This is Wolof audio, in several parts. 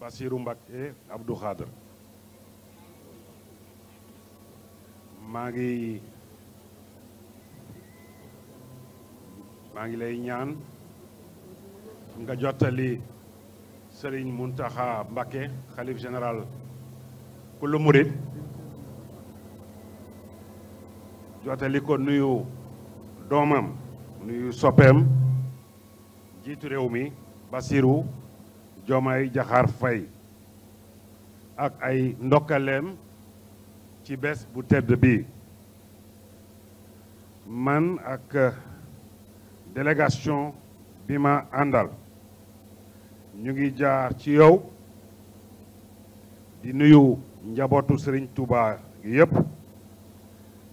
Bassirou Mbacké Abdou Khadre maa ngi lay ñaan nga jottali Serigne Mountakha Mbacké xalif général kullu murid jottali ko nuyu doomam nuyu soppeem jiitu réew mi Bassirou Diomaye Diakhar Faye ak ay ndokkaleem ci bés bu tedd bi man ak eh, délégation bi ma àndal ñu ngi jaar ci yow di nuyu njabootu sëriñ Touba yépp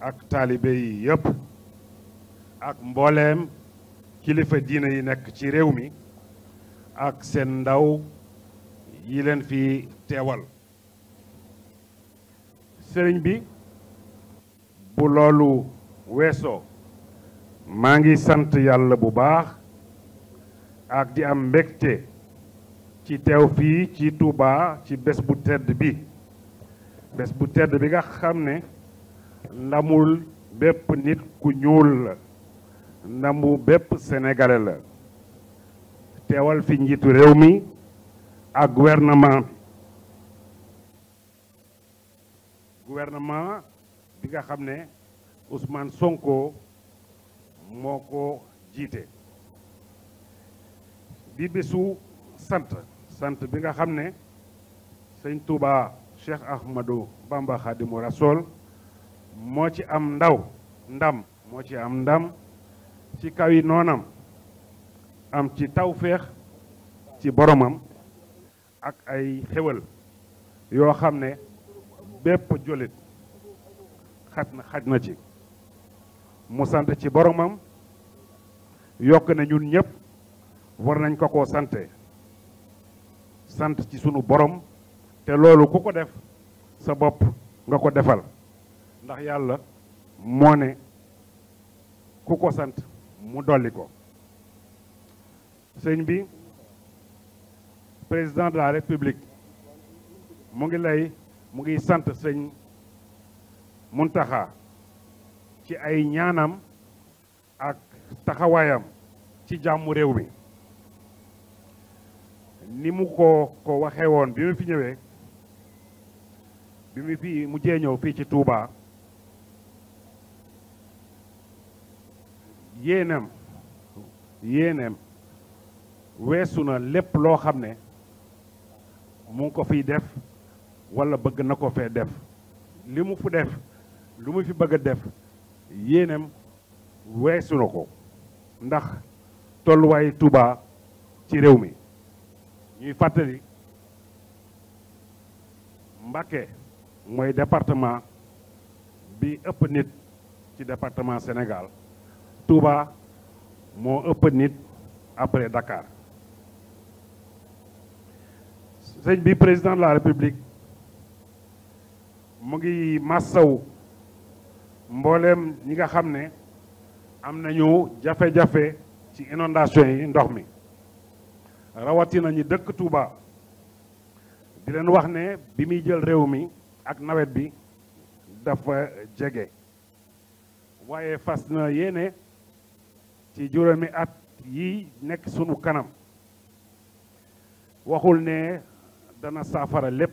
ak taalibe yi yëpp ak mbooleem kilifa diine yi nekk ci réew mi ak seen ndaw yi leen fi teewal sëriñ bi bu loolu weesoo maa ngi sant yàlla bu baax ak di am mbégte ci teew fii ci Touba ci bés bu tedd bi bés bu tedd bi nga xam ne ndamul bépp nit ku ñuul la ndamu bépp sénégalais la teewal fi njiitu réew mi ak gouvernement bi gouvernement bi nga xam ne Ousmane Sonko moo ko jiite di bésu sant sant bi nga xam ne sëñ Touba Cheikh Ahmadou Bamba Khadimou Rassoul moo ci am ndaw ndam moo ci am ndam ci kaw yi noonam am ci tawféex ci boromam ak ay xéwal yoo xam ne bépp jullit xaj na xaj na ci mu sant ci boromam yokk na ñun ñëpp war nañ ko koo sante sant ci sunu borom te loolu ku ko def sa bopp nga ko defal ndax yàlla moo ne ku ko sant mu dolli ko sëñ bi président de la république mu ngi lay mu ngi sant sëñ Muntaxa ci ay ñaanam ak taxawaayam ci jàmmu réew mi ni mu ko ko waxewoon bi mu fi ñëwee bi mu fi mujjee ñëw fii ci Touba yéenam yéenam weesu na lépp loo xam ne mu ngi ko fiy def wala bëgg na ko fee def li mu fu def lu mu fi bëgg def yéenem weesu na ko ndax tolluwaayu Touba ci réew mi ñuy fàttali mbake mooy département bi ëpp nit ci département Sénégal Touba moo ëpp nit après Dakar sëñ bi président de la république mu ngi massaw mbooleem ñi nga xam ne am nañu jafe-jafe ci inondation yi ndox mi rawatina ñi dëkk Touba di leen wax ne bi muy jël réew mi ak nawet bi dafa jege waaye fas na yéene ci juróomi at yi nekk sunu kanam waxul ne dana saafara lépp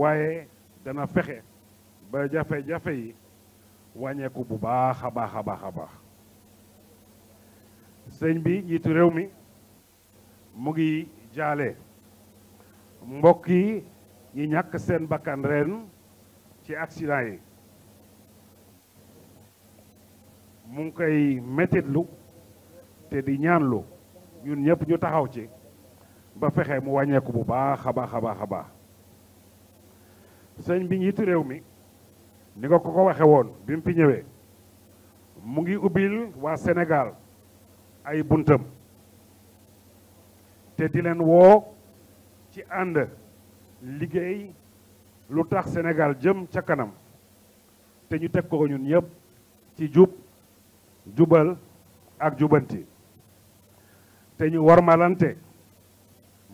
waaye dana fexe ba jafe-jafe yi wàññeeku bu baax a baax a baax a baax sëñ bi njiitu réew mi mu ngi jaale mbokk yi ñi ñàkk seen bakkan reen ci accident yi mu ngi koy mettitlu te di ñaanlu ñun ñëpp ñu taxaw ci ba fexe mu wàññeeku bu baax a baax a baax a baax sëñ bi njiitu réew mi ni nga ko ko waxe woon bi mu fi ñëwee mu ngi ubbil waa Sénégal ay buntam te di leen woo ci ànd liggéey lu tax Sénégal jëm ca kanam te ñu teg ko ñun ñëpp ci jub jubal ak jubanti te ñu warmalante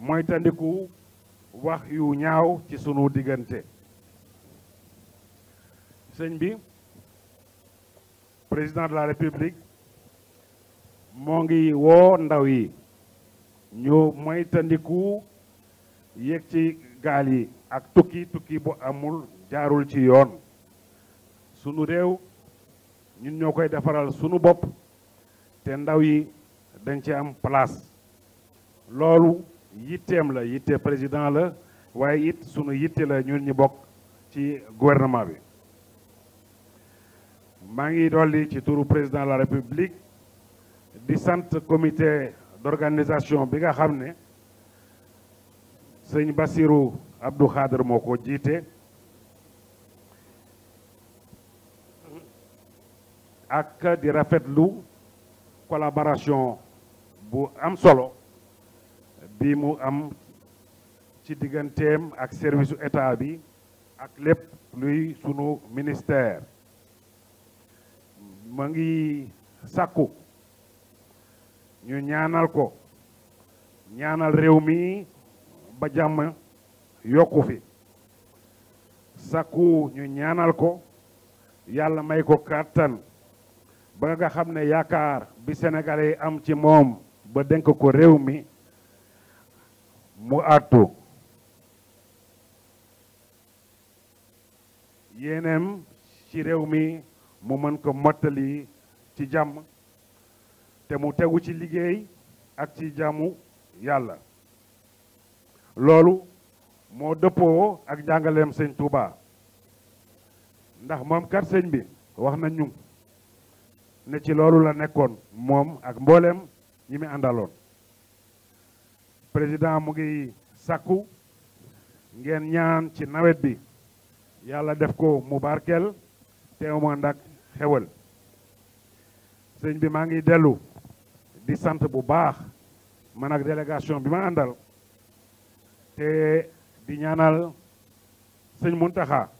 mooy wax yu ñaaw ci sunu diggante sëñ bi président de la république moo ngi woo ndaw yi ñu moytandiku yéeg ci gaal yi ak tukki tukki bu amul jaarul ci yoon sunu réew ñun ñoo koy defaral sunu bopp te ndaw yi dañ ci am place loolu yitteem la yitte président la waaye it sunu yitte la ñun ñi bokk ci gouvernement bi maa ngi dolli ci turu président la république di sant comité d'organisation bi nga xam ne sëñ Bassirou Abdou Khader moo ko jiite ak di rafetlu collaboration bu am solo bi mu am ci digganteem ak service su état bi ak lépp luy sunu ministère ma ngi sàkku ñu ñaanal ko ñaanal réew mi ba jàmm yokku fi sakku ñu ñaanal ko yàlla may ko kàttan ba nga xam ne yaakaar bi sénégalais am ci moom ba dénk ko réew mi mu àttu yéeneem ci réew mi mu mën ko mottali ci jàmm te mu tegu ci liggéey ak ci jàmmu yàlla loolu moo dëppoo ak jàngaleem sëñ Touba ndax moom kat sëñ bi wax na ñu ne ci loolu la nekkoon moom ak mbooleem ñi mu àndaloon président mu ngi sàkku ngeen ñaan ci nawet bi yàlla def ko mu barkeel teew ak xewal sëñ bi maa ngi dellu di sant bu baax man ak délégation bi ma àndal te di ñaanal sëñ Muntaxa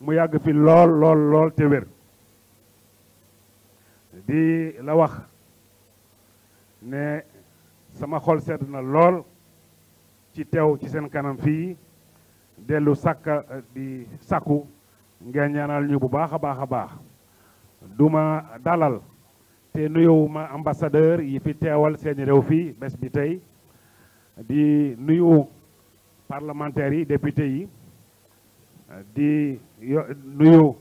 mu yàgg fi lool lool te wér di la wax ne sama xol sedd na lool ci teew ci seen kanam fii dellu sàkka eh, di sàkku ngeen ñaanal ñu bu baax a baax a baax duma dalal te nuyuwuma ambassadeur yi fi teewal seeni réew fii bés bi tey di nuyu parlementaires yi député yi di nuyu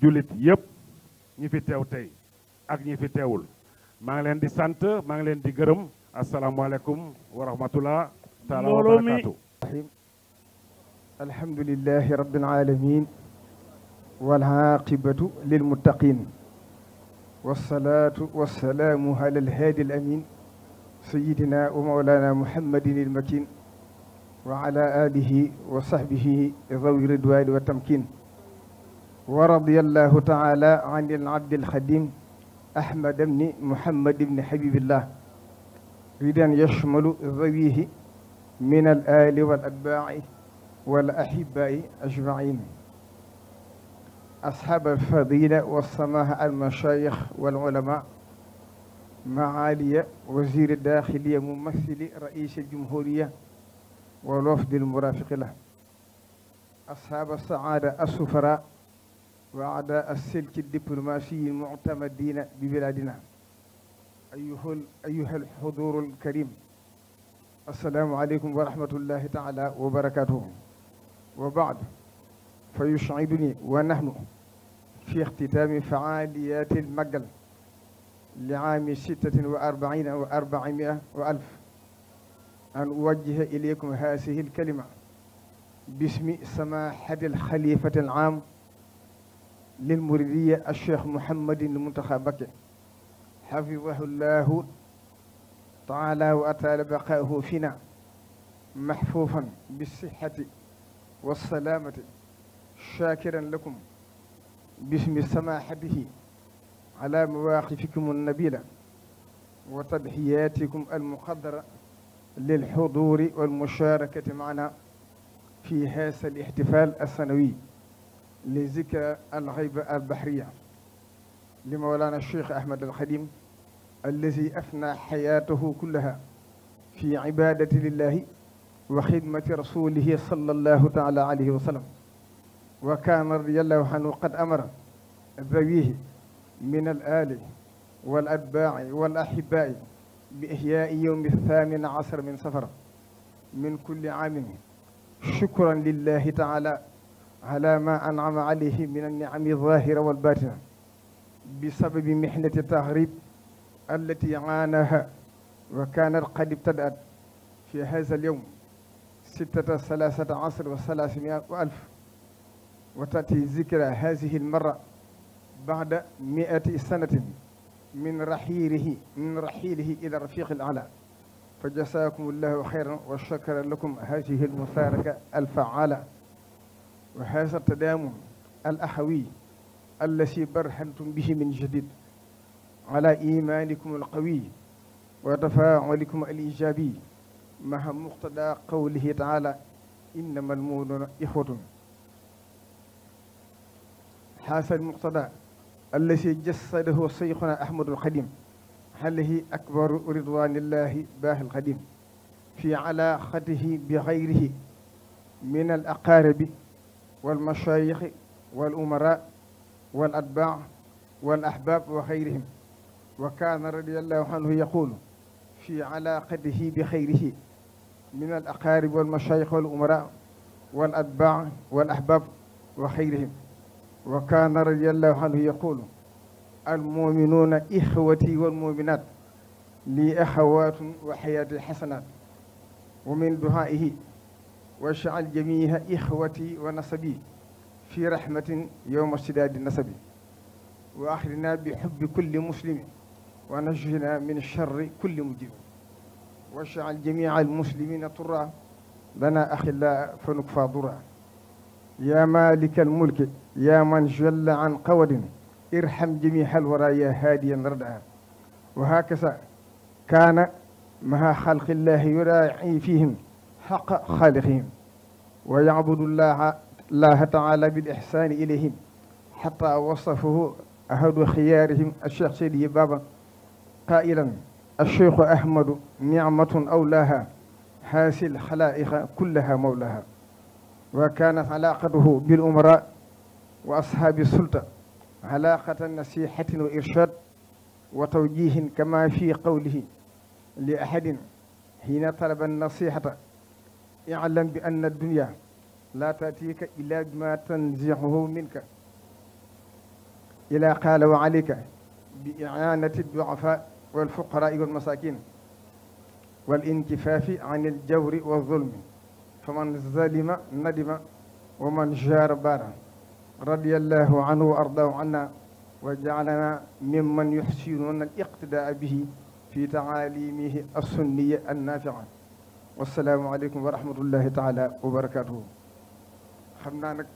jullit yépp ñi fi teew tey ak ñi fi teewul maa ngi leen di sant maa ngi leen di gërëm asalaamaaleykum wa rahmatullah taala wa barakaatu alhamdulilahi rabbil alamin walaqibatu lilmuttaqin wasalaatu wasalaamu ala alhaadi alamin sayidina wa maulana muhammadin ilmakin wa ala alihi wa sahbihi zawi ridwani wa tamkin wa radiyallahu taala an al abdi alxadim ahmad bni muhammad bni habibillah ridan yashmalu zawihi min al ali wal atbaai wal ahibai ajmain أصحاب الفضيلة والسماحة المشايخ والعلماء معالي وزير الداخلية ممثل رئيس الجمهورية والوفد المرافق له أصحاب السعادة السفراء وأعداء السلك الدبلوماسي المعتمدين ببلادنا ayuhal ayuhal xudurul karim asalaamualeykum wa rahmatullahi taala wa barakatuhu wa baad fa yushiduni wa nahnu fi ixtitaami faaliyaati almagal li aami sittatin wa arbaina wa arbaimia wa alf an uwajjiha ilaykum haasihi alkalima bismi samahati alxalifati alaam lilmuridiya alcheikh muhammadin al muntaxa bakke حفظه الله تعالى وأطال بقاؤه فينا محفوفا بالصحة والسلامة شاكرا لكم باسم سماحته على مواقفكم النبيلة وتضحياتكم المقدرة للحضور والمشاركة معنا في هذا الاحتفال السنوي لذكرى الغيبة البحرية li mawlaana cheikh ahmad alxadim allazi afna xayaatahu kullaha fi ibadati lillahi wa xidmati rasulihi sala allahu taala alayhi wa sallam wa kaana radiallahu anhu qad amara dawihi min al ali wal atbaaci wal ahibaai bi ihyaai yowmi thamin asar min safar min kulli aamin shukran lillahi taala ala ma anama alayhi min anniami zahira wal batina بسبب محنة التهريب التي عاناها وكانت قد ابتدأت في هذا اليوم ستة ثلاثة عشر وثلاثمائة وألف وتأتي ذكرى هذه المرة بعد مئة سنة من رحيله من رحيله إلى الرفيق الأعلى فجزاكم الله خيرا وشكرا لكم هذه المشاركة الفعالة وهذا التداوم الأحوي allazi barhantum bihi min jadid ala imanikum alqawi wa tafaulikum alijabi maha muqtada qawlihi taala innama almuminuna ixwatun xaasa almuqtada allazi jassadahu seyxuna ahmadu alxadim alayhi akbaru ridwanillahi baahi alxadim fi alaaqatihi bi xayrihi min alaqaaribi walmashayixi walumara والأتباع والأحباب وغيرهم وكان رضي الله عنه يقول في علاقته بخيره من الأقارب والمشايخ والأمراء والأتباع والأحباب وخيرهم وكان رضي الله عنه يقول المؤمنون إخوتي والمؤمنات لي أخوات وحياتي حسنات ومن دعائه واشعل جميع إخوتي ونسبي fi rahmatin yowma sidaadi nasabi wa axrina bi xubbi kulli muslimi wa najjina min charri kulli mujrimin wajal jamia almuslimina tura lana axilla fa nukfa dura ya malika almulki ya man jalla an qawadin irham jamiha alwara ya haadiyan rada wa hakaza kaana maha xalqillahi yuraaci fihim xaqa xaaliqihim wa yacbudu llaha الله تعالى بالإحسان إليهم حتى وصفه أحد خيارهم الشيخ سيدي بابا قائلا الشيخ أحمد نعمة أولاها حاسي الخلائق كلها مولاها وكانت علاقته بالأمراء وأصحاب السلطة علاقة نصيحة وإرشاد وتوجيه كما في قوله لأحد حين طلب النصيحة اعلم بأن الدنيا لا تأتيك إلا ما تنزعه منك إلى قال وعليك بإعانة الضعفاء والفقراء والمساكين والانكفاف عن الجور والظلم فمن ظلم ندم ومن جار بارا رضي الله عنه وأرضاه عنا وجعلنا ممن يحسنون الاقتداء به في تعاليمه السنية النافعة والسلام عليكم ورحمة الله تعالى وبركاته xam naa nag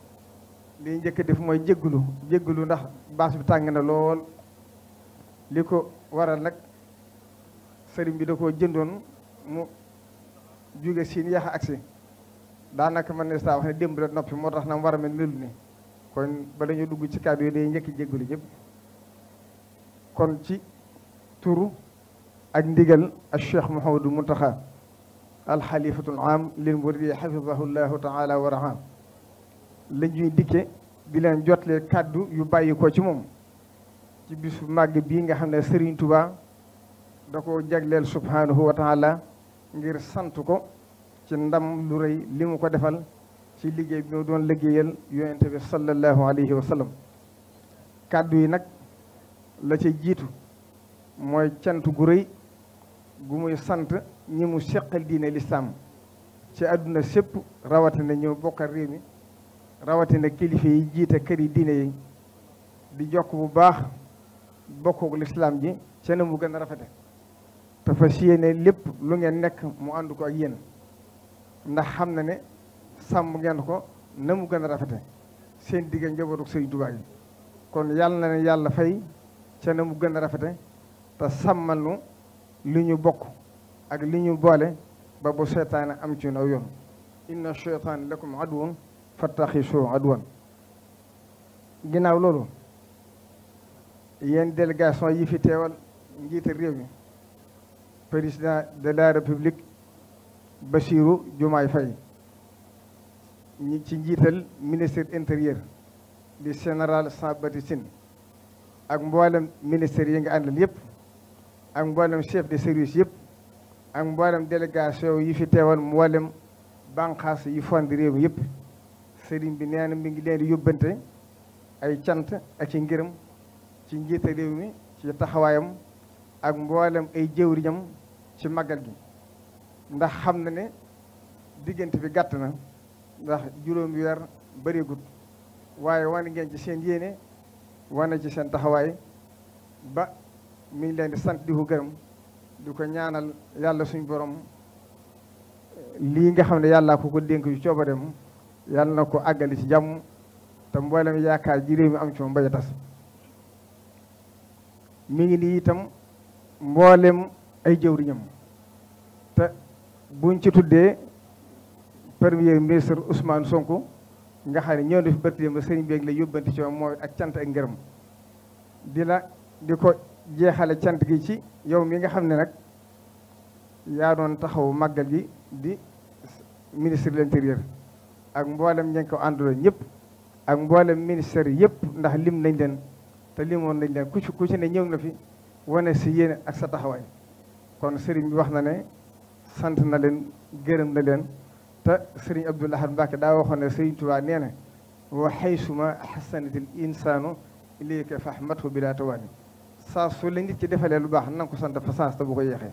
li njëkk def mooy jéggulu jéggulu ndax baas bi tàng na lool li ko waral nag sëriñ bi da koo jëndoon mu jóge siin yaxa agsi daanaka man ne saa wax ne démb la noppi moo tax na mu war a mel melu ni kon ba dañu dugg ci kàddu yi day njëkk jéggulu ñëpp kon ci turu ak ndigal ak Cheikh Mouhamadou Mountakha alxalifatul am lil muridi xafidahu llahu taala wa raxam la ñuy dikke di leen jotle kàddu yu bàyyi ko ci moom ci bisu màgg bii nga xam ne Serigne Touba da ko jagleel subhanahu wa taala ngir sant ko ci ndam lu rëy li mu ko defal ci liggéey bi mu doon liggéeyal yonente bi sallallahu alayhi wa sallam kàddu yi nag la ci jiitu mooy cant gu rëy gu muy sant ñi mu seqal diine lislaam ci àdduna sépp rawatina ñu bokkal réew mi rawatina kilifa yi jiite kër yi diine yi di jokk bu baax bokkook lislaam ji ca na mu gën a rafete te fas yéene lépp lu ngeen nekk mu ànd ak yéen ndax xam na ne sàmm ngeen ko na mu gën a rafete seen digga njabootu Sëriñ Tuubaa kon yàlla na yàlla fay ca na mu gën a rafete te sàmmal nu li ñu bokk ak li ñu boole ba bu seytaane am ci naw yoon inna seytaan lakum aduwwun fattaxisu adwan ginnaaw loolu yéen délégation yi fi teewal njiite réew mi président de la république Bassirou Diomaye fay ñi ci njiital ministre intérieur di général sans baptiste ak mboolem ministère yi nga àndal yëpp ak mboolem chef de service yëpp ak mboolem délégation yi fi teewal mboolem banqaas yi fond réew mi yëpp sëriñ bi nee mi ngi leen di yóbbante ay cant ak ci ngërëm ci njiite réew mi ci taxawaayam ak mboolem ay jëwriñam ci màggal gi ndax xam na ne diggante bi gàtt na ndax juróom weer bëreegut waaye wane ngeen ci seen yéene wane ci seen taxawaay ba mi ngi leen di sant di ko gërëm di ko ñaanal yàlla suñ borom eh, lii nga xam ne yàllaa ko ko dénk yu coobareem yal na ko àggali ci jàmm te mboolem yaakaar ji réew mi am ci moom mi ngi nii itam mboolem ay jëwriñam te buñ ci tuddee premier ministre Ousmane Sonko nga xam ne ñëw na fi bërti ma sëriñ bi ak la yóbbanti ci moom mooy ak cant ak ngërëm di la di ko jeexale cant gi ci yow mi nga xam ne nag yaa doon taxawu màggal gi di ministre de l'intérieur ak mboolem ña ko àndaloon ñëpp ak mboolem ministère yëpp ndax lim lañ leen te limoon nañ leen ku ci ku ne ñëw na fi wane si yéen ak sa taxawaay kon sëriñ bi wax na ne sant na leen gërëm na leen te sëriñ Abdoul Ahad Mbacké daa waxoon ne sëriñ Tuubaa nee na wa suma xasanatil insaanu ilayka fahmatu bi laa tawaani saa su la nit ci defalee lu baax nanga ko sant fa saas te bu ko yeexee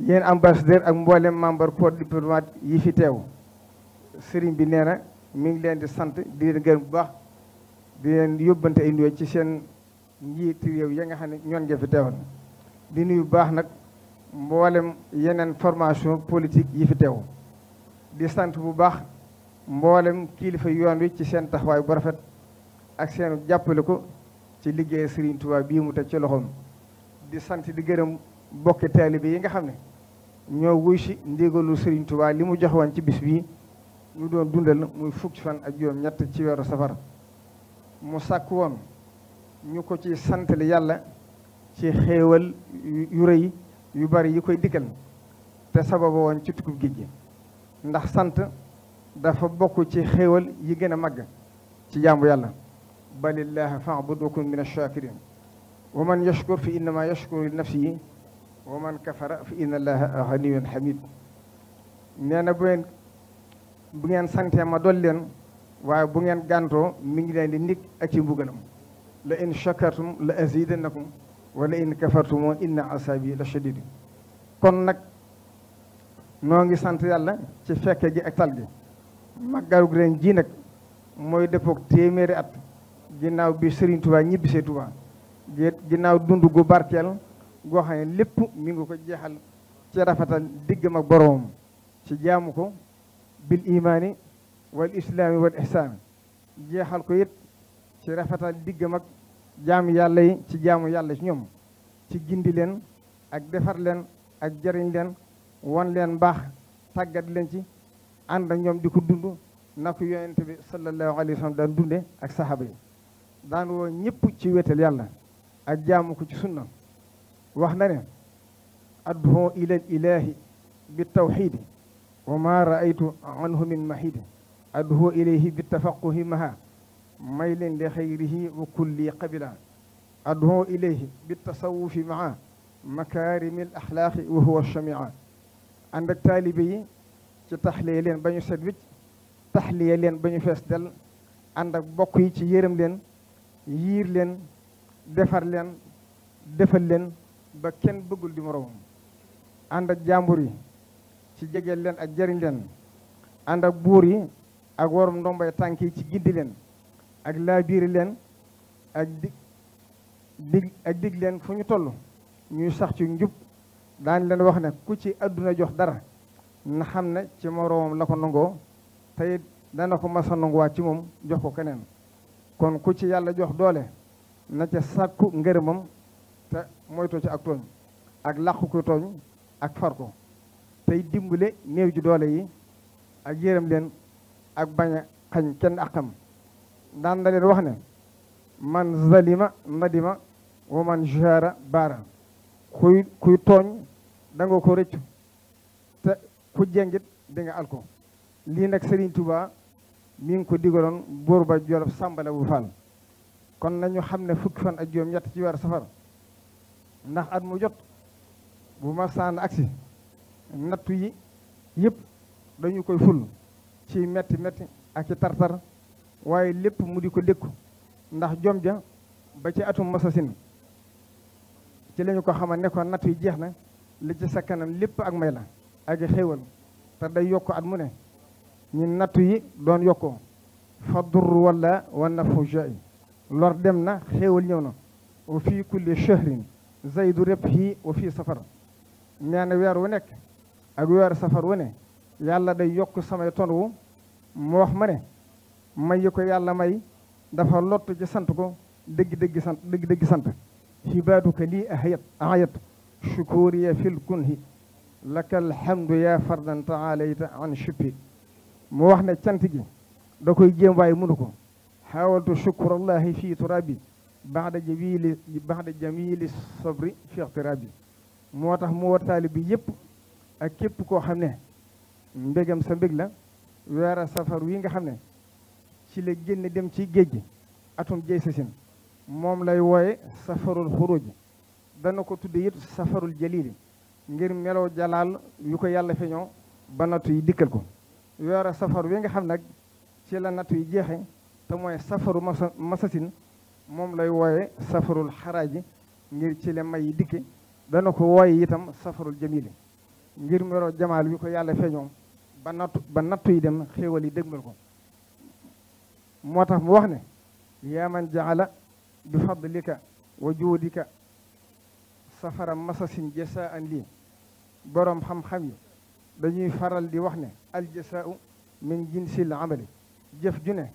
yéen ambassadeur ak mboolem membre corps diplomatique yi fi teew sëriñ bi nee na mi ngi leen di sant di leen gërëm bu baax di leen yóbbante ay nuyoo ci seen njiiti réew ya nga xam ne ñoon nga fi teewal di nuyu bu baax nag mboolem yeneen formation politique yi fi teew di sant bu baax mboolem kilifa yoon wi ci seen taxawaay bu rafet ak seen jàppale ko ci liggéey Serigne Touba bii mu teg ci loxoom di sant di gërëm bokki taalibe yi nga xam ne ñoo wuy si ndigalu Serigne Touba li mu jox ci bis bii ñu doon dundal muy fukki fan ak juróom ñett ci weeru safar mu sàkk woon ñu ko ci santali yàlla ci xéewal yu rëy yu bari yi koy dikkal te sababa woon ci tukkub géej ndax sant dafa bokk ci xéewal yi gën a màgg ci jaamu yàlla balillah fa'bud wa kun min ash-shakirin wa man yashkur fi innama yashkuru li nafsihi wa man kafara fi inna allaha ghaniyyun hamid nee na bu ngeen bu ngeen santee ma dol leen waaye bu ngeen gàntoo mi ngi leen di ndig ak ci mbugalam la in shakartum la azidannakum wala in kafartum inna asabi la shadid kon nag noo ngi sant yàlla ci fekke ji ak tal gi màggalu ren ji nag mooy dëppook téeméeri at ginnaaw bi Serigne Touba ñibbisee Touba ginnaaw dund gu barkeel goo lépp mi ngi ko jeexal ci rafetal diggam ak boroomam ci jaamu ko bil imaani wal islaami wal ihsaani jeexal ko it ci rafetal diggam ak jaamu yàlla yi ci jaamu yàlla ci ñoom ci gindi leen ak defar leen ak jariñ leen wan leen mbaax tàggat leen ci ànd ak ñoom di ko dund na ko yonent bi sallallahu alayhi wa sallam daan dunde ak saxaaba yi daan woo ñëpp ci wetal yàlla ak jaamu ko ci sunna wax na ne addu ilal ilaahi bi tawxiidi wa ma raaytu anhu min mahid adhu ilayhi bitafaquhi maha maylin li xayrihi wa kulli qabila adhu ilayhi bitasawufi maa makarimi al axlaaqi wa huwa chamia ànd ak taalibe yi ci taxliya leen ba ñu set taxliya leen bañu fees del ànd ak bokk yi ci yërëm leen yiir leen defar leen defal leen ba kenn bëggul di moroomam ànd ak jàmbur yi ci jegeel leen ak jëriñ leen ànd ak buur yi ak warum ndombay tànk yi ci gindi leen ak laabiiri leen ak dig dig ak dig leen fu ñu toll ñuy sax ci njub daan leen wax ne ku ci àdduna jox dara na xam ne ci moroomam la ko nangoo tey dana ko masa nanguwaat ci moom jox ko keneen kon ku ci yàlla jox doole na ca sàkku ngërëmam te moytu ci ak tooñ ak làqu ko tooñ ak far ko tey dimbale néew ji doole yi ak yërëm leen ak bañ a xañ kenn akam daan da leen wax ne man zalima nadima wa man jara baara kuy kuy tooñ da ko rëccu te ku jengit di nga lii nag sëriñ Touba mi ngi ko digaloon buur ba jolof sàmbale bu faal kon nañu xam ne fukki fan ak juróom ñett ci weer safar ndax at mu jot bu ma saan agsi nattu yi yëpp dañu koy ful ci metti metti ak ci tartar waaye lépp mu di ko dékku ndax jom ja ba ci atum masasin ci lañu ko xamal nekkoon ko natt yi jeex na li ci sa kanam lépp ak may la ak xéewal te day yokk at mu ne ñu nattu yi doon yokkoo fa dur wala wa nafu jai lor dem na xéewal ñëw na wa fii kulli shahrin zaydu rëb hii wa fii safar nee weer wu nekk ak weer safar wu yàlla day yokk samay tonwu mu wax ma ne may yi ko yàlla may dafa lott ci sant ko dégg dégg sant dëgg dëgg sant xibaatuka lii ahayat ahayat shukuriya fil kunhi laka alhamdu yaa fardan taalayta an shubhi mu wax ne cant gi da koy jéem waaye mënu ko xawaltu shukurallahi fii turabi baxda jamili baxda jamili sabri fi ixtirabi moo tax mu war taali bi yëpp ak képp koo xam ne mbégam sa mbég la weera safar wi nga xam ne ci la génn dem ci géej gi atum jey sasin moom lay wooye safarul xuruj dana ko tudd it safarul jalili ngir meloo jalaal yu ko yàlla feeñoo ba nattu yi dikkal ko weera safar wi nga xam nag ci la nattu yi jeexe te mooy safaru masa masasin moom lay wooye safarul yi ngir ci la may yi dikke dana ko wooye itam safarul jamili ngir meroo jamaal wi ko yàlla feeñoo ba nattu ba nattu yi dem xéewal yi dégmal ko moo tax mu wax ne yaa man jaala bi fadlika wa juudika safara masasin jasaan lii boroom xam-xam yi dañuy faral di wax ne al jasaau min jinsil amali jëf ju ne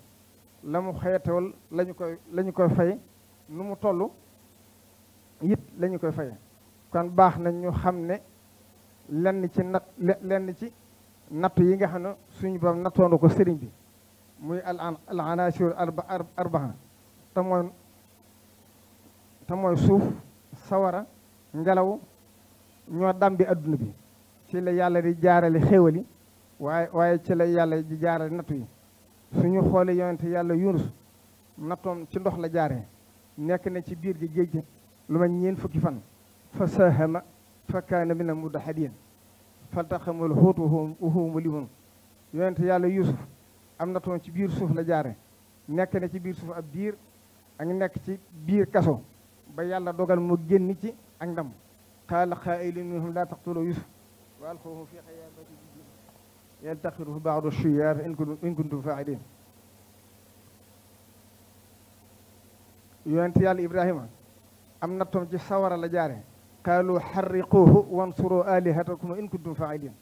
la mu xeetewal lañu koy fay nu mu toll it la koy fay kon baax nañ xam ne lenn ci nat lenn ci natt yi nga xam ne suñu borom nattoon ko sëriñ bi muy al anasur arba arbaha suuf sawara ngelaw ñoo bi àdduna bi ci la yàlla di jaarale xéewali waaye waaye ci la yàlla di jaarale nattu yi suñu xoole yonente yàlla yunus nattoom ci ndox la jaaree nekk na ci biir gi géej gi lu ma ñeen fukki fan fa sahama fa kaana mina mudahadiin faltaxamul xuutu wa huwa muliimun yonente yàlla yuusuf am na toon ci biir suuf la jaare nekk na ci biir suuf ab biir ak nekk ci biir kaso ba yàlla dogal mu génn ci ak ndam qaala qaa'ilun minhum laa taqtuluu yuusuf wa alquuhu fi xayaabati yaltaqiruhu ba'du shiyaar in kuntum faa'iliin yàlla ibrahima am na toon ci sawara la jaare qaalu xarriquuhu wansuru alihatakum in kuntum failin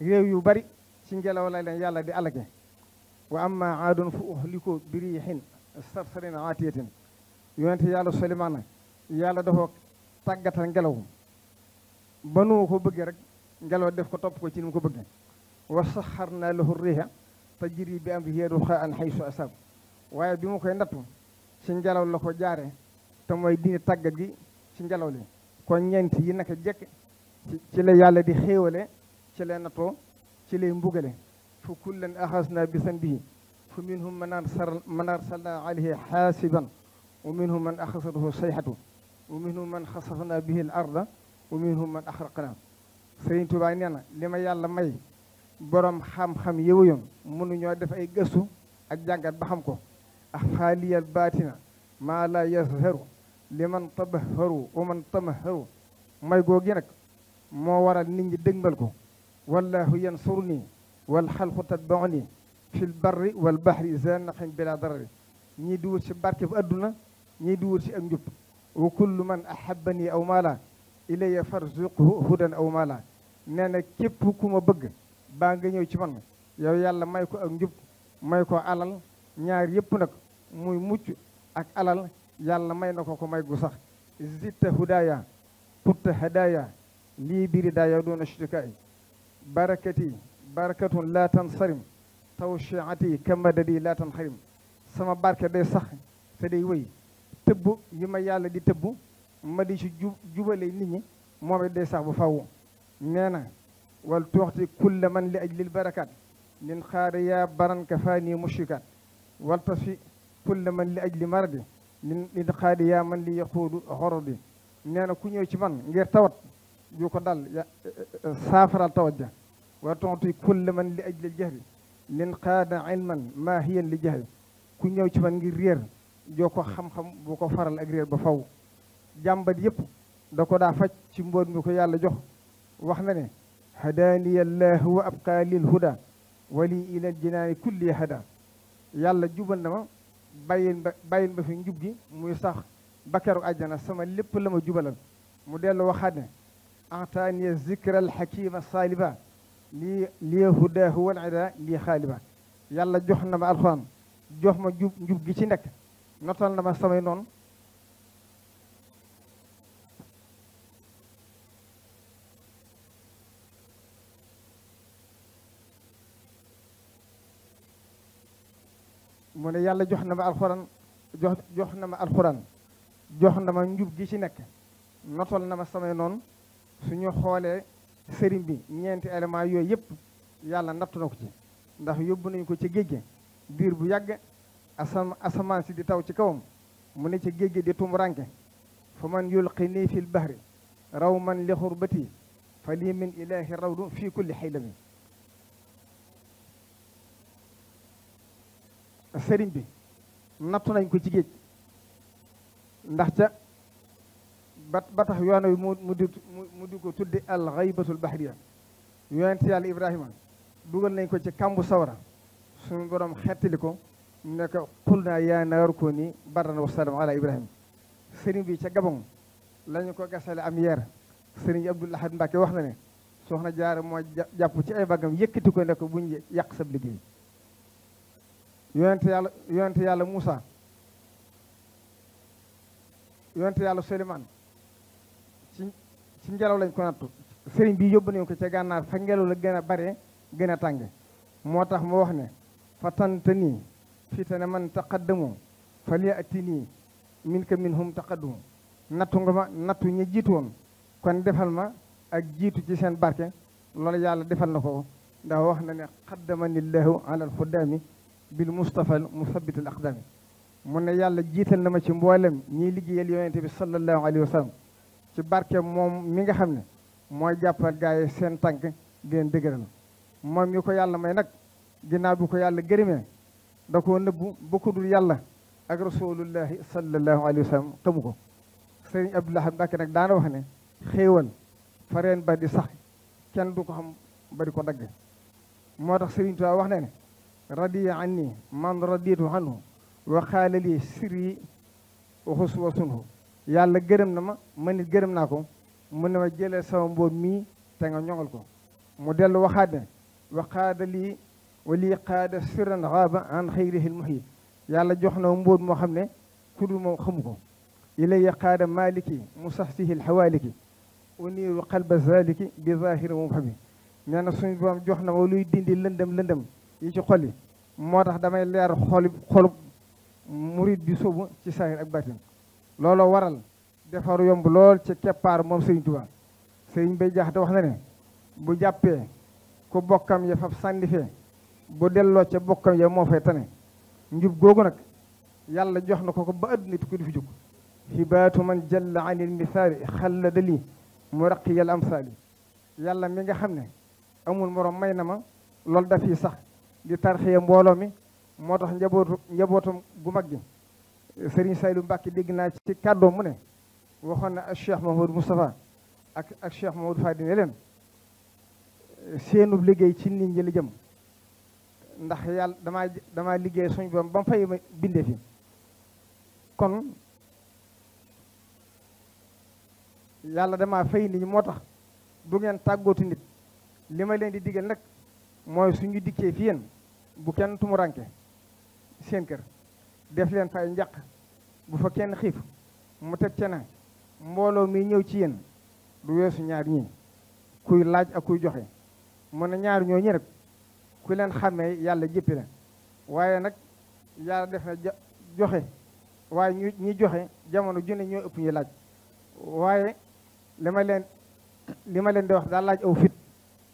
réew yu bari ci ngelaw la leen yàlla di alage wa amma aadun fu uhliku bi riixin sarsarin aatiyatin yonente yàlla Suleymaan yàlla dafa tàggatal ngelaw ba ko bëggee rek ngelaw def ko topp ko ci nu ko bëggee wa saxarna lahu riiha tajri bi amrihi ruxaan xaysu asab waaye bi mu koy nattu ci ngelaw la ko jaare te mooy dini tàggat gi ci ngelaw li kon ñeent yi naka jekk ci la yàlla di xéewale ci na nattoo ci lay mbugale fu kullan axasna bi sanbihi fu minhum man arsalna alayhi xaasiban wa minhum man axasatuhu sayxatu wa minhum man xasafna bihi al arda wa minhum man axraqna Sëriñ Tuubaa nee na li yàlla may borom xam-xam yëwu yoon mënuñoo def ay gëstu ak jàngat ba xam ko axfaaliyal baatina maa la yazharu li man tabaharu wa man tamaharu may goo gi nag moo waral nit ñi dëgmal ko wallahu yansur nii wal xalqu tatbau nii fil barri wal bahri zanaqin bila darari ñii di wut si barke bu adduna ñii di wut si ak njub wa kullu man ahabani aw maala ilaya farzuqhu hudan aw maala nee na képp ma bëgg baa nga ñëw ci man yow yàlla may ko ak njub may ko alal ñaar yëpp nag muy mucc ak alal yàlla may na ko ko may gu sax zitta hudaaya putta hadaaya lii biri daaya doona shirkaay barakati barakatun laa tansarim tawshiati kamadadi laa tanxarim sama barke day sax te day wéy tëbb yi ma yàlla di tëbb ma di ci jubale nit ñi moom it day sax bu faw nee na wal tuuxti kulla man li ajlil barakat min xaari yaa baran ka faa nii mushrikat wal tasfi kulla man li ajli maradi min id xaadi yaa li yaxuudu xorodi nee na ku ñëw ci man ngir tawat ju ko dal saafaral tawat ja wa tontu kulle man li ajli jahri min qaada ilman maa hiyan li jahri ku ñëw ci man ngir réer joo ko xam-xam bu ko faral ak réer ba faw jàmbat yëpp da ko daa faj ci mboot mi ko yàlla jox wax na ne hadaniya allahu wa abqaa lil huda wali ilal jinaani kulli hada yàlla jubal na ma bàyyil ba bàyyil ba fi njub gi muy sax ba keroog àjjana sama lépp la ma jubalal mu dellu waxaat ne entaanie zikral xakima saaliba lii lii hudaahu wal ida lii xaaliba yàlla jox na ma alxuraan jox ma njub njub gi ci nekk notal na ma samay noon mu ne yàlla jox na ma alxuraan jox jox na ma alxuraan jox na njub gi ci nekk notal na ma noon su ñu xoolee sëriñ bi ñeenti élément yooyu yëpp yàlla nattu na ko ci ndax yóbbu nañu ko ci géej gi biir bu yàgg asam asamaan si di taw ci kawam mu ne ci géej gi di tumuranke fa man yulqi nii fil bahri raw man li xurbati fa lii min ilaahi rawdu fii kulli xaylami sëriñ bi nattu nañ ko ci géej ndax ca ba ba tax yoon wi mu mu di mu di ko tuddi al xaybatul bahriya yonent yàlla ibrahima dugal nañ ko ci kàmbu sawra suñu borom xettali ko ne ko xul naa yaa naaru ko ni baran wa salaam ala ibrahima sëriñ bi ca gabon lañu ko gasale am yeer sëriñ abdul ahad mbàkke wax na ne soxna jaar moo jàpp ci ay baggam yëkkati ko ne ko buñ yàq sab liggéey yonente yàlla yonente yàlla Moussa yonente yàlla Souleymane ci ci ngelaw lañ ko nattu sëriñ bi yóbbu nañu ko ca gànnaar fa ngelaw la gën a bare gën a tànge moo tax mu wax ne fa tanta nii fiita ne man taqaddamu fa li atti nii min ka min hum taqaddamu nattu nga ma nattu ñi jiitu woon kon defal ma ak jiitu ci seen barke loolu yàlla defal na ko ndax wax na ne xaddama nillahu alal fuddaami bil mustafa al musabit al aqdami mu ne yàlla jiital na ma ci mboolem ñiy liggéeyal yonente bi sallallahu alayhi wa sallam ci barke moom mi nga xam ne mooy jàppal gaa seen tànk di leen dëgëral moom mi ko yàlla may nag ginnaaw bi ko yàlla gërëmee da koo nëbbu ba ku yàlla ak rasulullahi sallallahu alayhi wa sallam ko sëriñ Abdullah xam Mbàkke nag daana wax ne xéewal fareen ba di sax kenn du ko xam ba di ko dagg moo tax sëriñ Tuubaa wax ne ne radiya anni man raditu anhu wa xaala li sirri wa xuswa sunhu yàlla gërëm na ma mën nit gërëm naa ko mu ne ma jëlee sama mboot mii te nga ñoŋal ko mu dellu waxaat ne wa xaada lii wa lii xaada sirran xaaba an xayrihi lmuhit yàlla jox na mboot moo xam ne ku dul moom xamu ko ilaya xaada maliki mu sax sihi lxawaaliki uniiru qalba zaliki bi zahiri wa mubhami nee na suñu boom jox na ma luy dindi lëndëm lëndëm yi ci xol yi moo tax damay leer xolub xolub murid bi sóobu ci sahir ak batin looloo waral defar yomb lool ci keppaar moom sëriñ Tuubaa sëriñ ba jaax te wax na ne bu jàppee ku bokkam ya fab sànni fee bu delloo ca bokkam ya moo fay tane njub googu nag yàlla jox na ko ko ba adduna tukki du fi jóg hibaatu man jalla anil misaali xalla dali mu raqi yal amsaali yàlla mi nga xam ne amul moroom may na ma loolu dafiy sax di tarxiya mbooloo mi moo tax njabootu njabootam bu mag gi Serigne Saylou Mbacke dégg naa ci kàddoo mu ne waxoon na ak Cheikh Mahamadou Moustapha ak ak Cheikh Mahamadou Fadi ne leen seenub liggéey ci nit ñi la jëm ndax yàlla damaa damaa liggéey suñ borom ba mu fay bindee fi kon yàlla damaa fay nit ñi moo tax du ngeen tàggootu nit li ma leen di digal nag mooy suñu dikkee fi yéen bu kenn tumuranke seen kër def leen fay njaq bu fa kenn xiif mu teg ca na mbooloo mi ñëw ci yéen du weesu ñaar ñi kuy laaj a kuy joxe mu ne ñaar ñoo ñi rek ku leen xàmmee yàlla jëppi la waaye nag yàlla def na joxe waaye ñu ñi joxe jamono junne ñoo ëpp ñu laaj waaye li leen li ma leen di wax daal laaj aw fit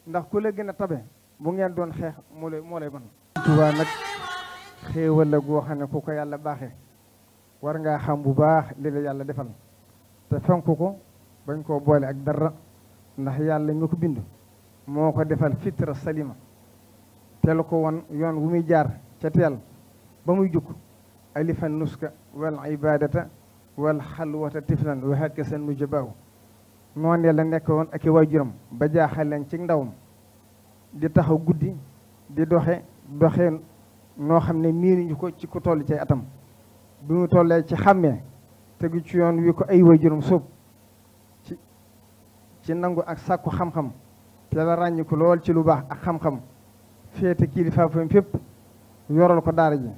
ndax ku la gën a tabe bu ngeen doon xeex moo lay moo lay mën Tuubaa nag xéewal la ku ko yàlla baaxee war ngaa xam bu baax li yàlla defal te fonk ko bañ koo boole ak dara ndax yàlla ñu ko bind moo ko defal fitra salima teel ko won yoon wu muy jaar ca teel ba muy jukk alifan nuska wal ibadata wal xalwata tiflan wa hakkasan nujabaaw noonee la nekk woon ak i waajuram ba jaaxal leen ci ndawam di taxaw guddi di doxe doxe noo xam ne miiruñu ko ci ku toll ci atam bi mu tollee ci xàmmee tegu ci yoon wi ko ay waajuram sóob ci ci nangu ak sàkku xam-xam te la ràññiku lool ci lu baax ak xam-xam féete kilifaafam fépp yoral ko daara ji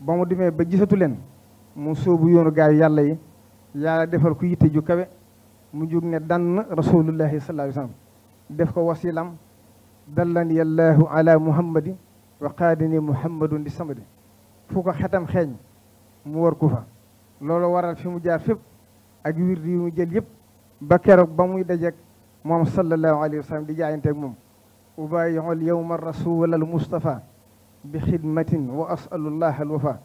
ba mu demee ba gisatu leen mu sóobu yoonu gaayu yàlla yi yàlla defal ko yitte ju kawe mu jóg ne dann rasulullahi sallallahu alayhi wasallam def ko wasilam dallani allahu ala muhammadin wa qaadani muhammadun di samadi fu ko xetam xeeñ mu war ko fa loolu waral fi mu jaar fépp ak wirdi yi mu jël yëpp ba keroog ba muy dajeek moom sallallahu alayhi wa sallam di jaayanteeg moom ubayiul yowma rasul al mustafa bi xidmatin wa asalullah al wafa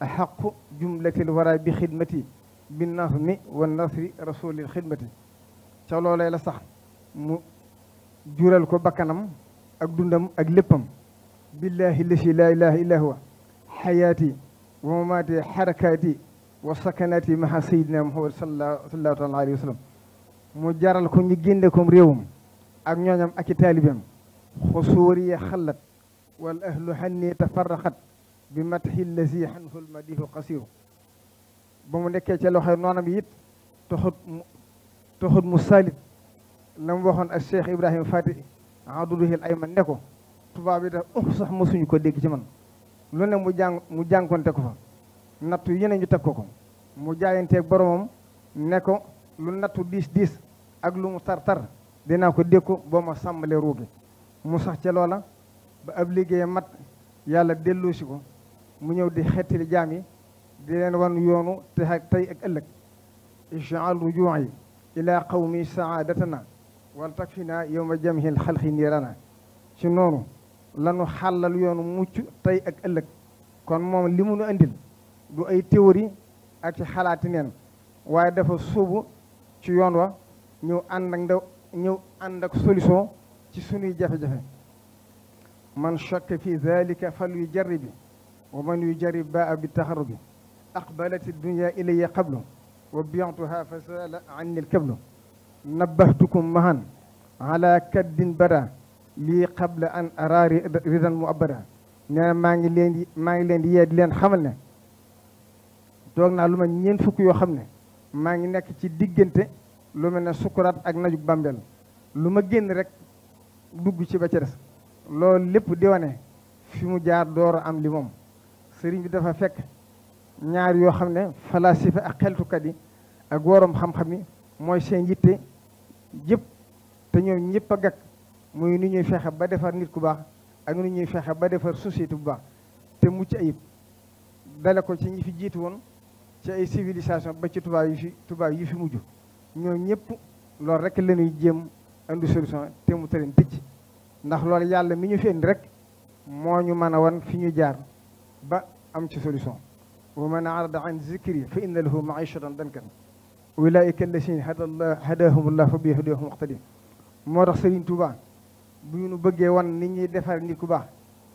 axaqu jumlatil wara bi xidmati bi nazmi wa nasri rasulil xidmati ca loolee la sax mu jural ko bakkanam ak dundam ak léppam billahi lasi laa ilaha illa huwa xayaati wa mamaati xarakaati wa sakanaati maha sayidina muhammad sallallahu taala alayhi wa sallam mu jaral ko ñu génne kom réewam ak ñooñam ak i taalibeem xusuuriya xallat wal ahlu xanni tafarraqat bi matxi lasi xanhul madihu qasiru ba mu nekkee ca loxoy noonam yi taxut mu taxut mu saalit la mu waxoon ak cheikh ibrahima fati aduduhil ayman ne ko tubaab yi daf uh oh, sax mosuñu ko dégg ci man lu ne mu jàng mu jànkonte ko fa nattu yeneen ñu teg ko ko mu jaayanteeg boromam ne ko lu nattu diis diis ak lu mu tar tar dinaa ko dékku boo ma sàmmalee ruugi mu sax ca loola ba ab liggéey mat yàlla delloosi ko mu ñëw di xettali jaam yi di leen wan yoonu te tey ak ëllëg ijaal xaw ila qawmi saadatana wal yow ma jamhil xalqi niirana ci noonu lanu xàllal yoonu mucc tey ak ëllëg kon moom li mu nu andil du ay théorie ak ci xalaati neen waaye dafa suubu ci yoon wa ñëw ànd ak ndaw solution ci sunuy jafe-jafe man shakka fi dalika fal yu jarribi wa man yu jarrib ba a bi taxarubi aqbalati dunya ilayya qablu wa biyantuha fa sala anni alkablu nabbahtukum mahan ala kaddin bada lii qabla an ara ridan mu abada nee maa ngi leen maa ngi leen di yee di leen xamal ne toog naa lu ma ñeent fukk yoo xam ne maa ngi nekk ci diggante lu mel ne sukuraat ak najug bàmbeel lu ma génn rek dugg ci ba ca des loolu lépp di wane fi mu jaar door a am li moom sëriñ bi dafa fekk ñaar yoo xam ne falasifa ak xeltukat yi ak worom xam-xam yi mooy seen yitte yëpp te ñoom ñëpp a gàkk muy nu ñuy fexe ba defar nit ku baax ak nu ñuy fexe ba defar société bu baax te mucc ayib dale ko ci ñi fi jiitu woon ci ay civilisation ba ci tubaab yi fi tubaab yu fi mujj ñoom ñëpp loolu rek la ñuy jéem indi solution te mu te tëleen tëcc ndax lool yàlla mi ñu fi indi rek moo ñu mën a wan fi ñu jaar ba am ci solution wa man arada an zikri fa inna lahu maishatan dankan ulaayika allazina hadallah hadahumullah fa bi hudahum muqtadin moo tax Serigne Touba bu ñu bëggee wan ni ñuy defar nit ku baax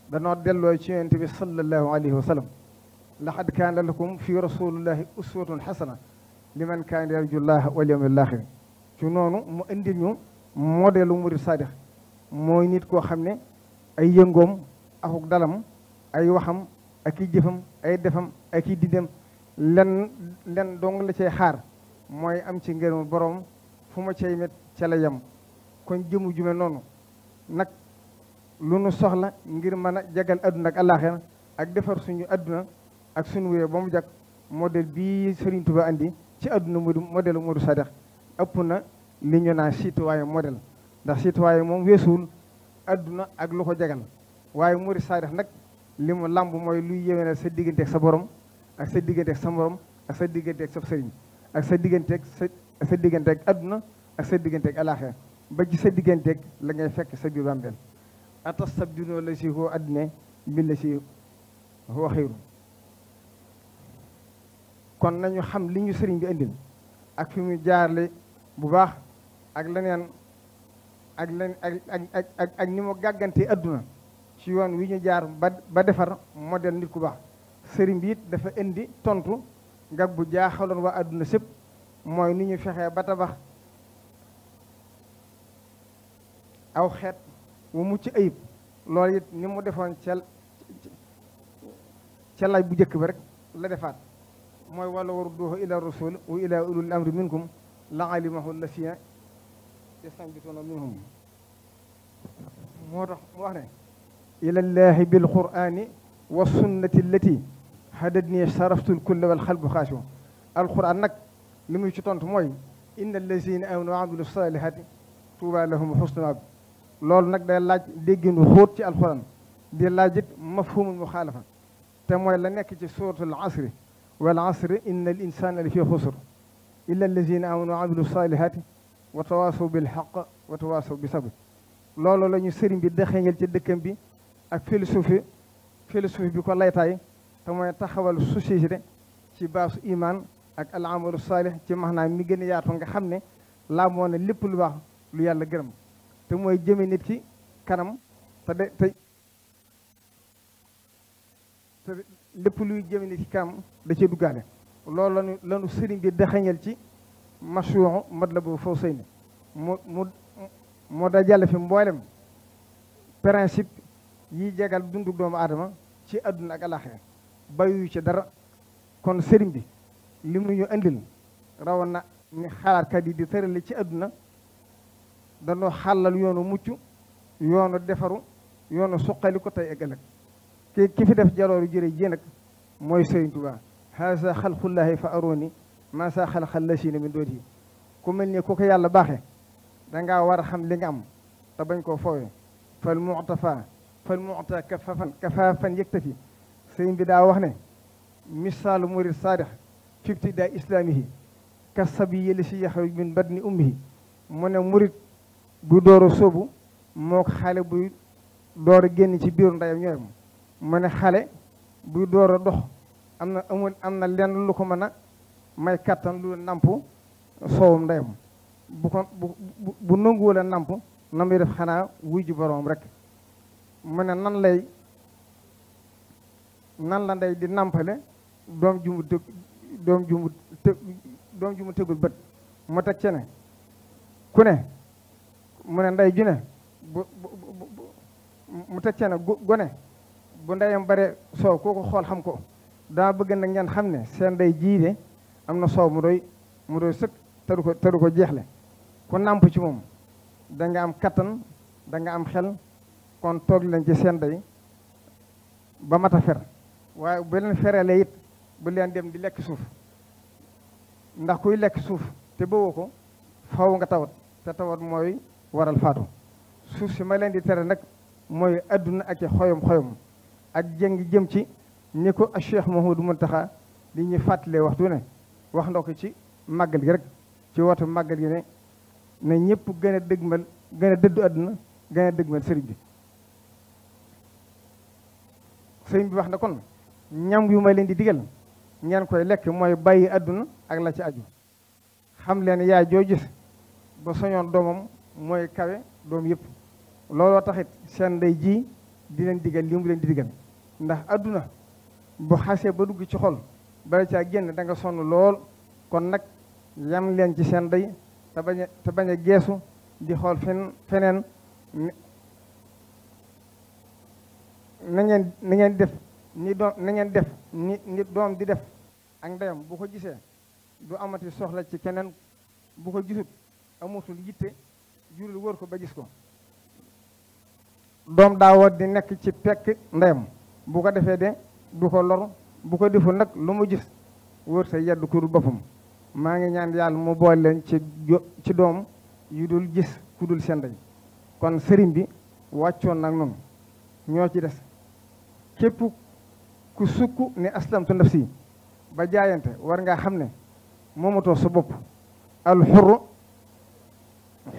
danoo delloo ci yonent bi sallallahu alayhi wa sallam laqad kaana lakum fi rasulillahi uswatun xasana liman kaana yarju llaha wal yawmal axir ci noonu mu indi ñu modèle murid saadix mooy nit koo xam ne ay yëngoom akuk dalam ay waxam ak i jëfam ay defam ak i didem lenn lenn dong la cay xaar mooy am ci ngërëmu borom fu ma cay met ca la kon jëmu jume noonu nag lu nu soxla ngir mën a jagal adduna ak àllaaxira ak defar suñu àdduna ak suñu wéyee ba mu jag modèle bii Serigne Touba andi ci adduna mu modèle Modou Sadikh ëpp na li ñu naan citoyen modèle ndax citoyen moom weesuwul adduna ak lu ko jagal waaye Modou Sadikh nag li mu làmb mooy luy yéwénal sa diggante ak sa borom ak sa diggante ak sa morom ak sa diggante ak sa sëriñ ak sa digganteek sa sa digganteeg adduna ak sa digganteeg alaaxira ba ci sa digganteeg la ngay fekk sa biir bàmbeel atas tabdiloo la si huwa adduna bi la si xam li ñu sëriñ bi ak fi mu jaarle bu baax ak leneen ak len ak ak ak ak ni mu gàggantee adduna ci yoon wi ñu jaar ba defar modèle nit ku baax sëriñ bi it dafa indi tontu ngag bu jaaxaloon waa àdduna sépp mooy ni ñu fexee ba tabax aw xeet wu mucc ayib lool it ni mu defoon ca ca laaj bu njëkk bi rek la defaat mooy wala warudduuhu ila rasul wa ila ulul amri minkum la alimahu lasina yastanbituuna minhum moo tax mu wax ne ila llahi bil qurani wa sunnati hadatni saraftul kulla wal xalbu xaasio li muy ci tontu mooy inna allazina amanu wa amilu salihati tuuba lahum xusnu maab loolu nag day laaj dégginu xóot ci alquran di laaj it mafhumul muxaalafa te mooy la nekk ci suratul asri wal asri inna al insana la fi xusr illa allazina amanu wa amilu salihati wa wa tawaasaw bi sabr loolu la ñu sëriñ bi dëxeñal ci dëkkam bi ak philosophie bi ko laytaay te mooy taxawal société ci baasu imaan ak al amalu saalih ci maanaam mi gën a yaatu nga xam ne laa moo ne lépp lu baax lu yàlla gërëm te mooy jëme nit ki kanam te de te lépp luy jëme nit ki kanam da cee duggaale loolu lanu lanu sëriñ bi daxañal ci mashruuxu Matlabul Fawzayni mu mu moo da jàll fi mboolem principe yiy jagal dundu doomu aadama ci àdduna ak alaxira bayu ci dara kon sëriñ bi li mu raw na ñu xalaatkat yi di tërale ci àdduna dañoo xalal yoonu mucc yoonu defaru yoonu suqali ko tey ëggalëg ki ki fi def jalooru jëre ji nag mooy sëriñ Tuubaa haasa xalqullaahi fa arooni maa saa xalqal lasiina min doot yi ku mel ni ku ko yàlla baaxe danga war a xam li nga am te bañ koo foowe fal mu'tafa fal mu'ta kafaafan kafaafan sëriñ bi daa wax ne misaalu murid saadix fi ibtidaa islaamihi ka sabi yëli si yaxruj min badni ummihi mu ne murid bu door a sóobu moo ko xale buy door génn ci biiru ndeyam ñooy mu ne xale buy door dox am na amul am na lenn lu ko mën a may kattan lu namp soowum ndeyam bu ko bu nanguwul a namp na muy def xanaa wuy ji boroom rek mu ne nan lay nan la ndey di nampale doom ju mu tëg doom ju mu të bët mu teg ci ne ku ne mu ne ndey ju mu teg ci ne gone bu ndeyam bare soow kooku xool xam ko daa bëgg nag ngeen xam ne seen ndey jii am na soow mu doy mu doy sëkk tëru ko tëru ko jeexle ku nàmp ci moom danga am kattan danga am xel kon toog leen ci seen ndey ba mat fer waaye bu leen ferale leen dem di lekk suuf ndax kuy lekk suuf te bëwoo ko faw nga tawat te tawat mooy waral faatu suuf si ma leen di tere nag mooy àdduna ak i xoyom xoyom ak jëngi jëm ci ni ko Cheikh Mouhamadou taxa li ñuy fàttalee waxtu ne wax na ko ci màggal gi rek ci woote màggal gi ne ne ñëpp gën a dëgmal gën a dëddu adduna gën dëgmal sëriñ bi sëriñ bi wax na kon ñam yu may leen di digal ngeen koy lekk mooy bàyyi àdduna ak la ci aju xam leen yaa joo ba soñoon doomam mooy kawe doom yëpp looloo taxit seen day ji di leen digal li mu leen di digal ndax àdduna bu xasee ba dugg ci xol bala caa génn danga nga sonn lool kon nag yam leen ci seen day te bañ a te bañ geesu di xool fen feneen na ngeen na ngeen def ni doom na ngeen def ni ni doom di def ak ndeyam bu ko gisee du amati soxla ci keneen bu ko gisut amutul yitte jurul wër ko ba gis ko doom daa war di nekk ci pekk ndeyam bu ko defee de du ko lor bu ko deful nag lu mu gis wër sa yedd ku dul boppam maa ngi ñaan yàlla mu boole leen ci doom yu dul gis ku dul seen ndey kon sëriñ bi wàccoon nag noonu ñoo ci des képp ku sukk ne aslamtu nafsi ba jaayante war ngaa xam ne moomatoo sa bopp al xurru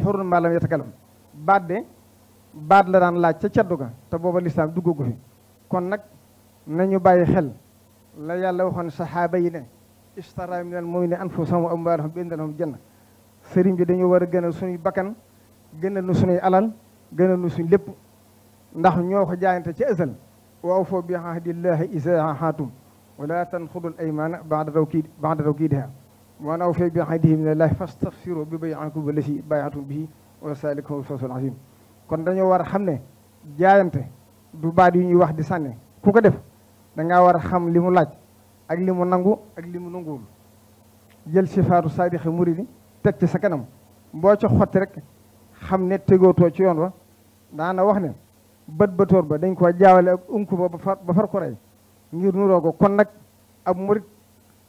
xurru maa lam yatakalam baat de baat la daan laaj ca caddu ga te booba lislaam duggagu fi kon nag nañu bàyyi xel la yàlla waxoon saxaaba yi ne istara minal mu'minina anfusahum wa amwaalahum bi anna lahumul janna sëriñ bi dañu war a gënal suñuy bakkan gënal nu suñuy alal gënal nu suñ lépp ndax ñoo ko jaayante ca ësal wa awfoo bi ahdillahi izaa ahadtum wa laa tanqudul aymaana ba'da tawkiid ba'da tawkiidihaa wa man awfaa bi ahdihi minallaahi fastafsiruu bi bay'ikum allazii baaya'tum bihi bi zaalika huwal fawzul aziim kon dañoo war a xam ne jaayante du baat yu ñuy wax di sànne ku ko def da ngaa war a xam li mu laaj ak li mu nangu ak li mu nanguwul jël sifaatu saadixi muridi teg ci sa kanam boo ca xotti rek xam ne tegootoo ci yoon wa daana wax ne bët bëtoor ba dañ koo jaawale ak unku ba ba far ko rey ngir nuroo ko kon nag ab murit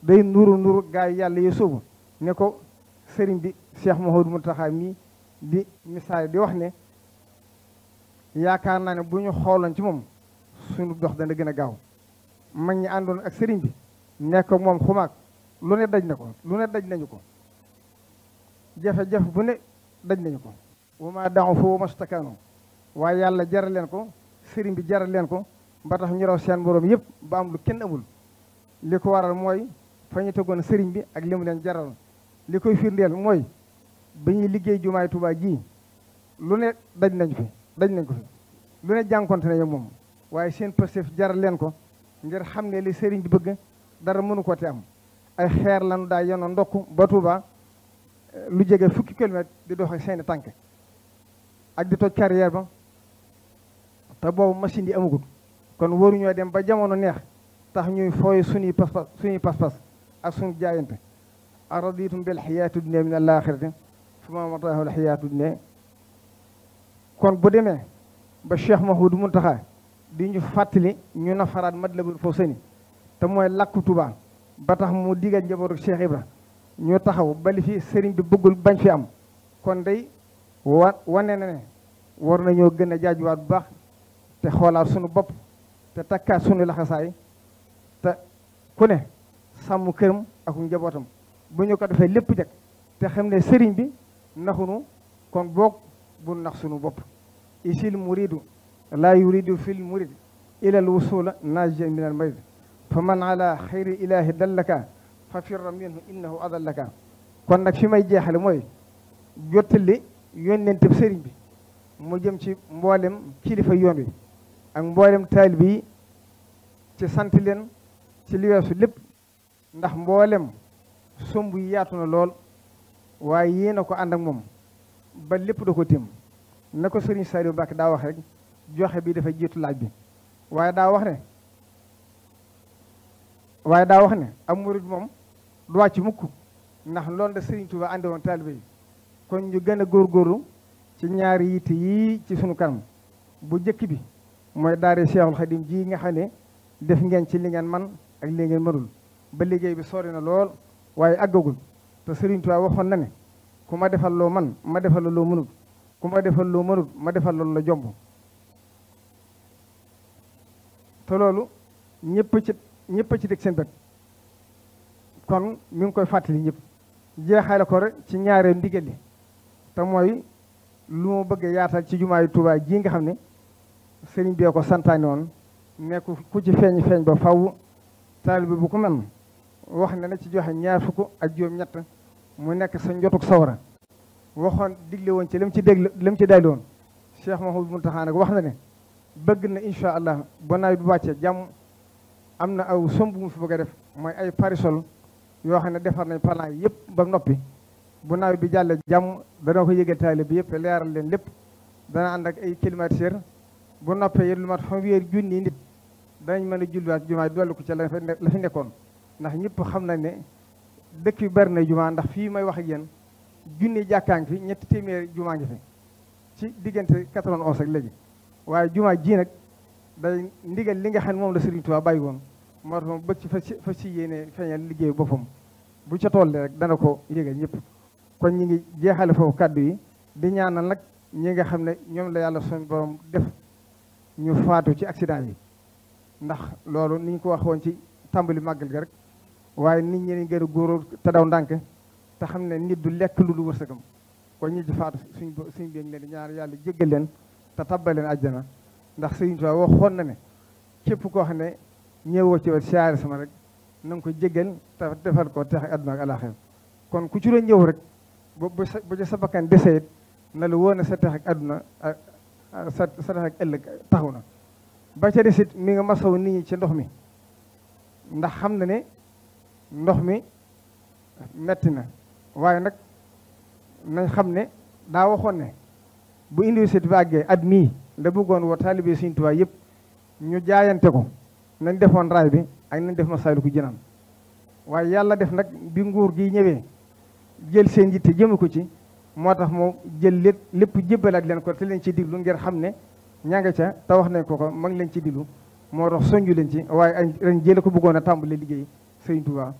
day nuru nuru gaay yàlla yi sóobu ne ko sëriñ bi Cheikh Mouhamadou Mountakha mii di misaal di wax ne yaakaar naa ne bu ñu xooloon ci moom suñu dox dana gën a gaaw mag ñi àndoon ak sëriñ bi nekk moom xumaag lu ne daj na ko lu ne daj nañu ko jafe-jafe bu ne daj nañu ko wa ma da'ufu wa ma stakaanu waaye yàlla jaral leen ko sëriñ bi jaral leen ko ba tax ñu raw seen moroom yëpp ba am lu kenn amul li ko waral mooy fa ñu tegoon sëriñ bi ak li mu leen jaral li koy firndeel mooy ba ñuy liggéey jumaay Tuubaa ji lu ne dañ nañ fi dañ nañ ko fi ne jànkonte nañu moom waaye seen pëstef jaral leen ko ngir xam ne li sëriñ bi bëgg dara mënu ko te am ay xeer lanu daa yonoon ndokk ba Tuubaa lu jege fukki kilomètre di doxe seeni tànk ak di toj carrière ba te boobu machine yi amagul kon waruñoo dem ba jamono neex tax ñuy foy suñuy pas-pas suñuy pas-pas ak suñu jaayante araditum bil xayaatu dunya min al axirati fa ma mataahu kon bu demee ba Cheikh Mahmoud Muntaxa di ñu fàttali ñu nafaraat Matlabul Fawzayni te mooy làkku Tuubaa ba tax mu digal njabootu Cheikh Ibra ñu taxaw balifi fi sëriñ bi bëggul bañ fi am kon day wa wane na ne war ñoo gën a jaajuwaat bu baax te xoolaat sunu bopp te takkaat sunu laxasaay te ku ne sàmm këram ak njabootam bu ñu ko defee lépp jag te xam ne sëriñ bi naxunu kon boog bu nax sunu bopp isil muridu laa yuridu fil murid ila al wusula naajia min al marid fa man ala xayri ilahi dallaka fa firra minhu innahu adallaka kon nag fi may jeexal mooy jottali yónnenteb sëriñ bi mu jëm ci mboolem kilifa yoon wi ak mboolem taalibe yi ci sant leen ci li weesu lépp ndax mboolem somb yi yaatu na lool waaye yéen a ko ànd ak moom ba lépp da ko tim na ko sëriñ Saliou Mbacke daa wax rek joxe bii dafa jiitu laaj bi waaye daa wax ne waaye daa wax ne am murid moom du wàcc mukk ndax loolu da sëriñ Touba àndi woon taalibe yi kon ñu gën góor góorgóorlu ci ñaar yitte yii ci sunu kanam bu jëkk bi mooy daari Seexul Xadim ji nga xam ne def ngeen ci li ngeen man ak li ngeen mënul ba liggéey bi sori na lool waaye àggagul te Sëriñ Tuubaa waxoon na ne ku ma defal loo man ma defal loo mënul ku ma defal loo mënul ma defal loolu la jomb te loolu ñëpp ci ñëpp ci teg seen bët kon mi ngi koy fàttali ñëpp jeexale ko rek ci ñaaree ndigal li te mooy lu mu bëgg yaatal ci jumaa yu Tuubaa ji nga xam ne sëriñ bi ko santaane woon nekk ku ci feeñ feeñ ba faw taalibe bu ko man wax ne na ci joxe ñaar fukk ak juróom-ñett mu nekk sa njotug sawara waxoon digle woon ci lam ci dégg lam ci dayli woon Cheikh Mouhamadou Mountakha nag wax na ne bëgg na incha allah ba nawet bu wàccee jàmm am na aw somb mu fi bëgg a def mooy ay parisol yoo xam ne defar nañ plan yëpp ba noppi bu nawet bi jàllee jàmm dana ko yëgal taalibe bi yëpp leeral leen lépp dana ànd ak ay climatiseur bu noppee lu mat xam wéer junni nit danañ mën a julliwaat jumaa dolli ko ca la fa la fi nekkoon ndax ñëpp xam nañ ne dëkk yu bari na jumaa ndax fii may wax ak junni jàkkaa ngi fi ñetti téeméeri jumaa ngi fi ci diggante 91 ak léegi waaye jumaa jii nag day ndigal li nga xam ne moom la Serigne Touba bàyyi woon moo tax moom bëgg ci fa si yéene feeñal liggéey boppam bu ca tollee rek dana ko yégal ñëpp kon ñi ngi jeexale foofu kàddu yi di na nag ñi nga xam ne ñoom la yàlla suñu borom def ñu faatu ci accident yi ndax loolu niñ ko waxoon ci tàmbali màggal gi rek waaye nit ñi gën a góor te daw ndànk te xam ne nit du lekk lu du wërsëgam kon ñi ci faatu suñ suñ beeg leen ñaar yàlla jéggal leen te tabbal leen àjjana ndax Sëriñ Tuubaa waxoon na ne képp koo xam ne ñëwoo ci wàllu siyaare sama rek na ko jéggal te defal ko teex àdduna ak alaaxira kon ku ci ñëw rek ba ba sa ba ca sa bakkan desee na ne sa teex ak àdduna sa sa ak ëllëg taxaw na ba ca desit mi nga masaw nit ñi ci ndox mi ndax xam na ne ndox mi metti na waaye nag nañ xam ne daa waxoon ne bu université bi àggee at mii la bëggoon woo taalibe Sëriñ Tuubaa yëpp ñu jaayante ko nañ defoon raay bi ak nañ def Masaalikul Jinaan waaye yàlla def nag bi nguur gi ñëwee jël seen yitte jëme ko ci moo tax mu jël lépp lépp jébbalaat leen ko te leen ci diglu ngeen xam ne ña nga ca te wax nañ ko ko ma ngi leen ci diglu moo tax soñju leen ci waaye añ jële ko bëggoon a tàmbale liggéey sëriñ Tuubaa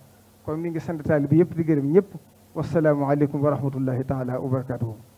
kon mi ngi sant taalibe bi yëpp di gërëm ñëpp wasalaamualeykum wa rahmatullahi taala wa barakatuhu